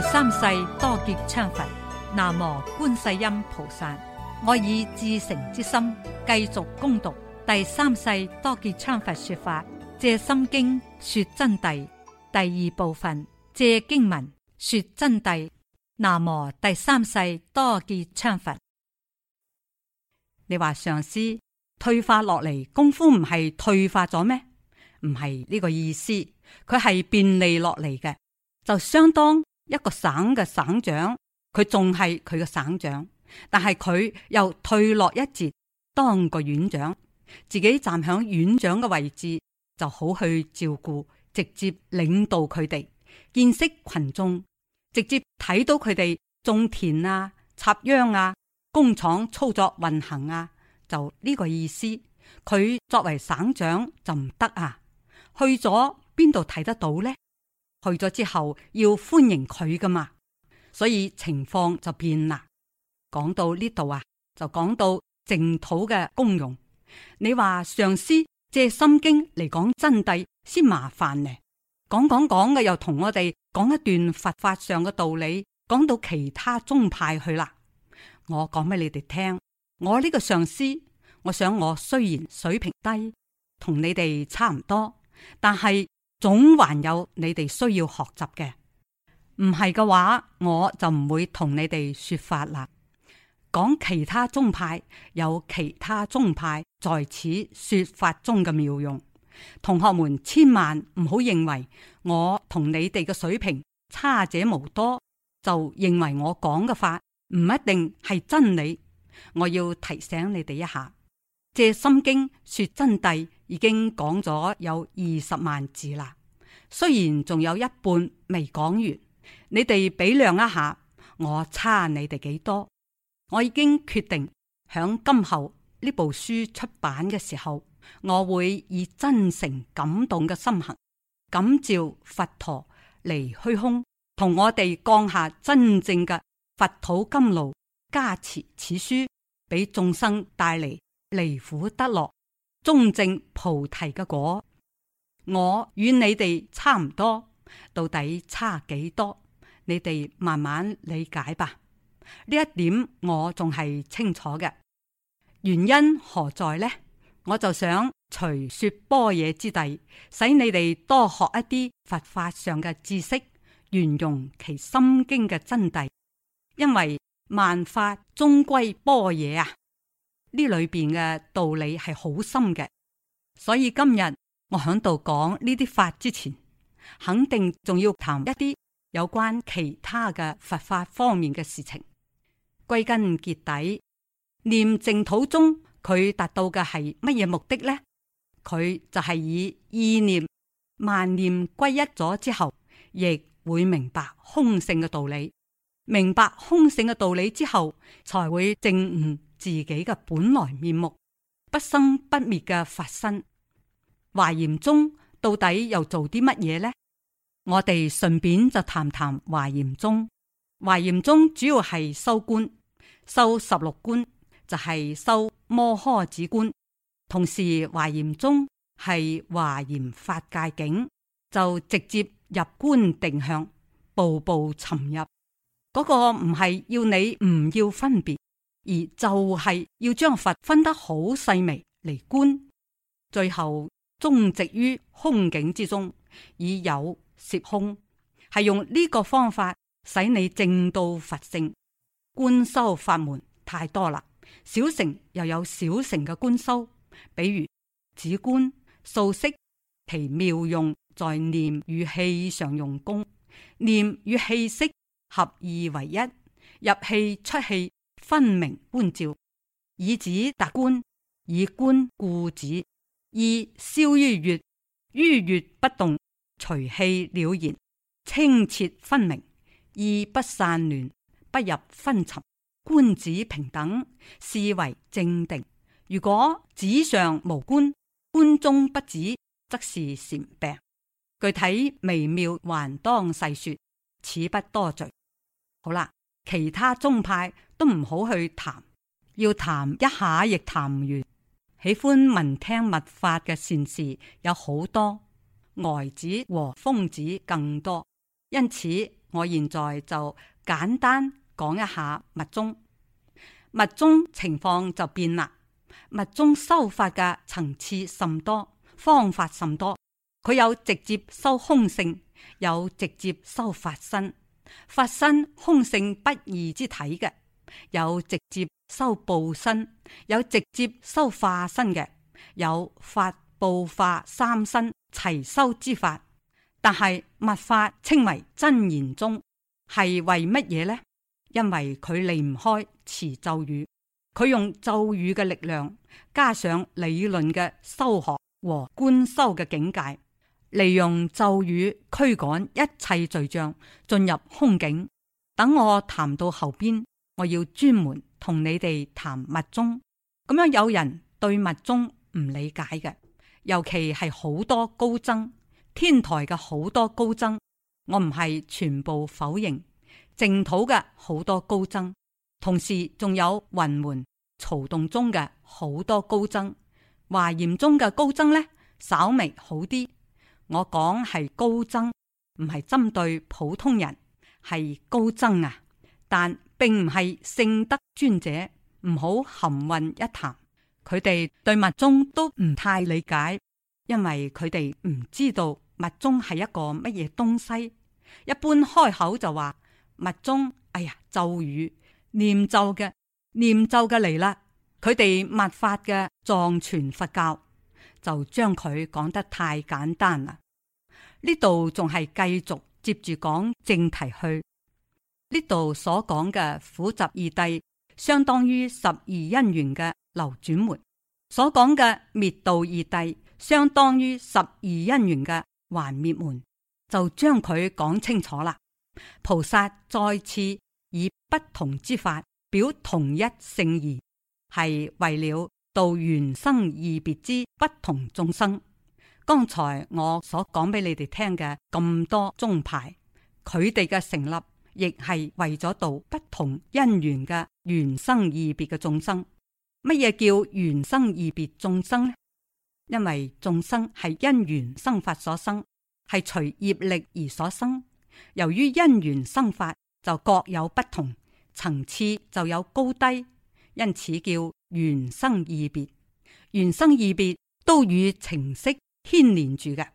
第三世多杰羌佛，南無觀世音菩薩。我以至誠之心繼續攻讀第三世多杰羌佛說法，借心經說真諦第二部分，借經文說真諦。南無第三世多杰羌佛。你話上師退化落嚟功夫唔係退化咗咩？唔係呢個意思，佢係便利落嚟嘅，就相當。一個省嘅省長，佢仲係佢嘅省長，但係佢又退落一截當個院長，自己站響院長嘅位置就好去照顧，直接領導佢哋，見識群眾，直接睇到佢哋種田啊、插秧啊、工廠操作運行啊，就呢個意思。佢作為省長就唔得啊，去咗邊度睇得到呢？去咗之後要歡迎佢噶嘛，所以情況就變啦。講到呢度啊，就講到淨土嘅功用。你話上師借《心經》嚟講真諦先麻煩呢？講講講嘅又同我哋講一段佛法上嘅道理，講到其他宗派去啦。我講俾你哋聽，我呢個上師，我想我雖然水平低，同你哋差唔多，但係。總還有你哋需要學習嘅，唔係嘅話我就唔會同你哋說法啦。講其他宗派，有其他宗派在此說法中嘅妙用，同學們千萬唔好認為我同你哋嘅水平差者無多，就認為我講嘅法唔一定係真理。我要提醒你哋一下，借《心經》說真諦。已經講咗有二十萬字啦，雖然仲有一半未講完，你哋比量一下，我差你哋幾多？我已經決定響今後呢部書出版嘅時候，我會以真誠感動嘅心行，感召佛陀嚟虛空，同我哋降下真正嘅佛土甘露，加持此書，俾眾生帶嚟離苦得樂。中正菩提嘅果，我與你哋差唔多，到底差幾多？你哋慢慢理解吧。呢一點我仲係清楚嘅，原因何在呢？我就想隨說般若之地，使你哋多學一啲佛法上嘅知識，運用其心經嘅真諦，因為萬法終歸般若啊！呢裏邊嘅道理係好深嘅，所以今日我喺度講呢啲法之前，肯定仲要談一啲有關其他嘅佛法方面嘅事情。歸根結底，念淨土中佢達到嘅係乜嘢目的呢？佢就係以意念萬念歸一咗之後，亦會明白空性嘅道理。明白空性嘅道理之後，才會正悟。自己嘅本來面目，不生不滅嘅法身。華嚴宗到底又做啲乜嘢呢？我哋順便就談談華嚴宗。華嚴宗主要係修觀，修十六觀，就係、是、修摩訶止觀。同時，華嚴宗係華嚴法界境，就直接入觀定向，步步深入。嗰、那個唔係要你唔要分別。而就係要將佛分得好細微嚟觀，最後終極於空境之中，以有攝空，係用呢個方法使你證到佛性。觀修法門太多啦，小乘又有小乘嘅觀修，比如止觀、數息，其妙用在念與氣上用功，念與氣息合二為一，入氣出氣。分明觀照，以指達觀，以觀固指。意消於月，於月不動，隨氣了然，清澈分明，意不散亂，不入昏沉，觀指平等，是為正定。如果指上無觀，觀中不指，則是禪病。具體微妙，還當細說，此不多贅。好啦。其他宗派都唔好去談，要談一下亦談唔完。喜歡聞聽密法嘅善事有好多，呆子和瘋子更多。因此，我現在就簡單講一下密宗。密宗情況就變啦，密宗修法嘅層次甚多，方法甚多。佢有直接修空性，有直接修法身。法身空性不二之體嘅，有直接修報身，有直接修化身嘅，有法報化三身齊修之法。但係密法稱為真言宗，係為乜嘢呢？因為佢離唔開持咒語，佢用咒語嘅力量，加上理論嘅修學和觀修嘅境界。.利用咒語驅趕一切罪障進入空境。等我談到後邊，我要專門同你哋談密宗。咁樣有人對密宗唔理解嘅，尤其係好多高僧天台嘅好多高僧，我唔係全部否認淨土嘅好多高僧，同時仲有雲門、曹洞宗嘅好多高僧，華嚴宗嘅高僧呢，稍微好啲。我講係高僧，唔係針對普通人，係高僧啊！但並唔係聖德尊者，唔好含混一談。佢哋對密宗都唔太理解，因為佢哋唔知道密宗係一個乜嘢東西。一般開口就話密宗，哎呀咒語，念咒嘅，念咒嘅嚟啦！佢哋密法嘅藏傳佛教。就將佢講得太簡單啦！呢度仲係繼續接住講正題去。呢度所講嘅苦集二諦相當於十二因緣嘅流轉門；所講嘅滅道二諦相當於十二因緣嘅還滅門。就將佢講清楚啦。菩薩再次以不同之法表同一聖義，係為了。度緣生異別之不同眾生，剛才我所講俾你哋聽嘅咁多宗派，佢哋嘅成立亦係為咗度不同因緣嘅緣生異別嘅眾生。乜嘢叫緣生異別眾生呢？因為眾生係因緣生法所生，係隨業力而所生。由於因緣生法，就各有不同層次，就有高低，因此叫。原生異別，原生異別都與程式牽連住嘅，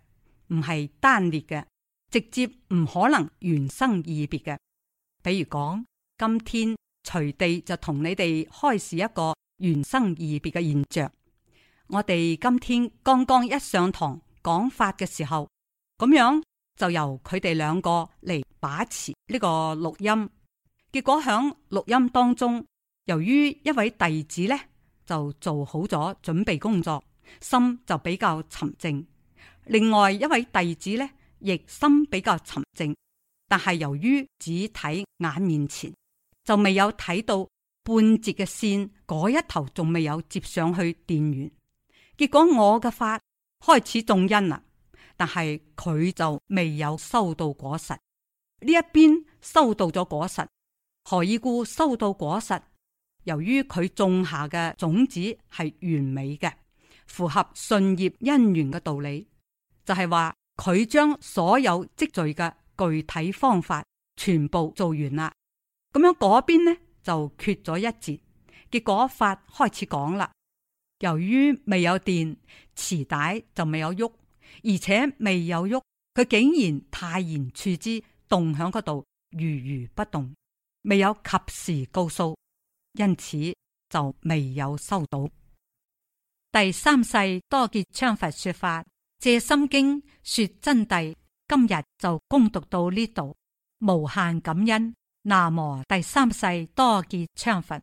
唔係單列嘅，直接唔可能原生異別嘅。比如講，今天隨地就同你哋開始一個原生異別嘅現象。我哋今天剛剛一上堂講法嘅時候，咁樣就由佢哋兩個嚟把持呢個錄音，結果響錄音當中。由於一位弟子咧就做好咗準備工作，心就比較沉靜；另外一位弟子咧亦心比較沉靜，但係由於只睇眼面前就未有睇到半截嘅線，嗰一頭仲未有接上去電源。結果我嘅法開始種因啦，但係佢就未有收到果實。呢一邊收到咗果實，何以故？收到果實。由於佢種下嘅種子係完美嘅，符合信業因緣嘅道理，就係話佢將所有積聚嘅具體方法全部做完啦。咁樣嗰邊呢就缺咗一節，結果法開始講啦。由於未有電，磁帶就未有喐，而且未有喐，佢竟然泰然處之動響嗰度，如如不動，未有及時告訴。因此就未有收到第三世多杰羌佛說法《藉心經》說真諦，今日就恭誦到呢度，無限感恩。南無第三世多杰羌佛。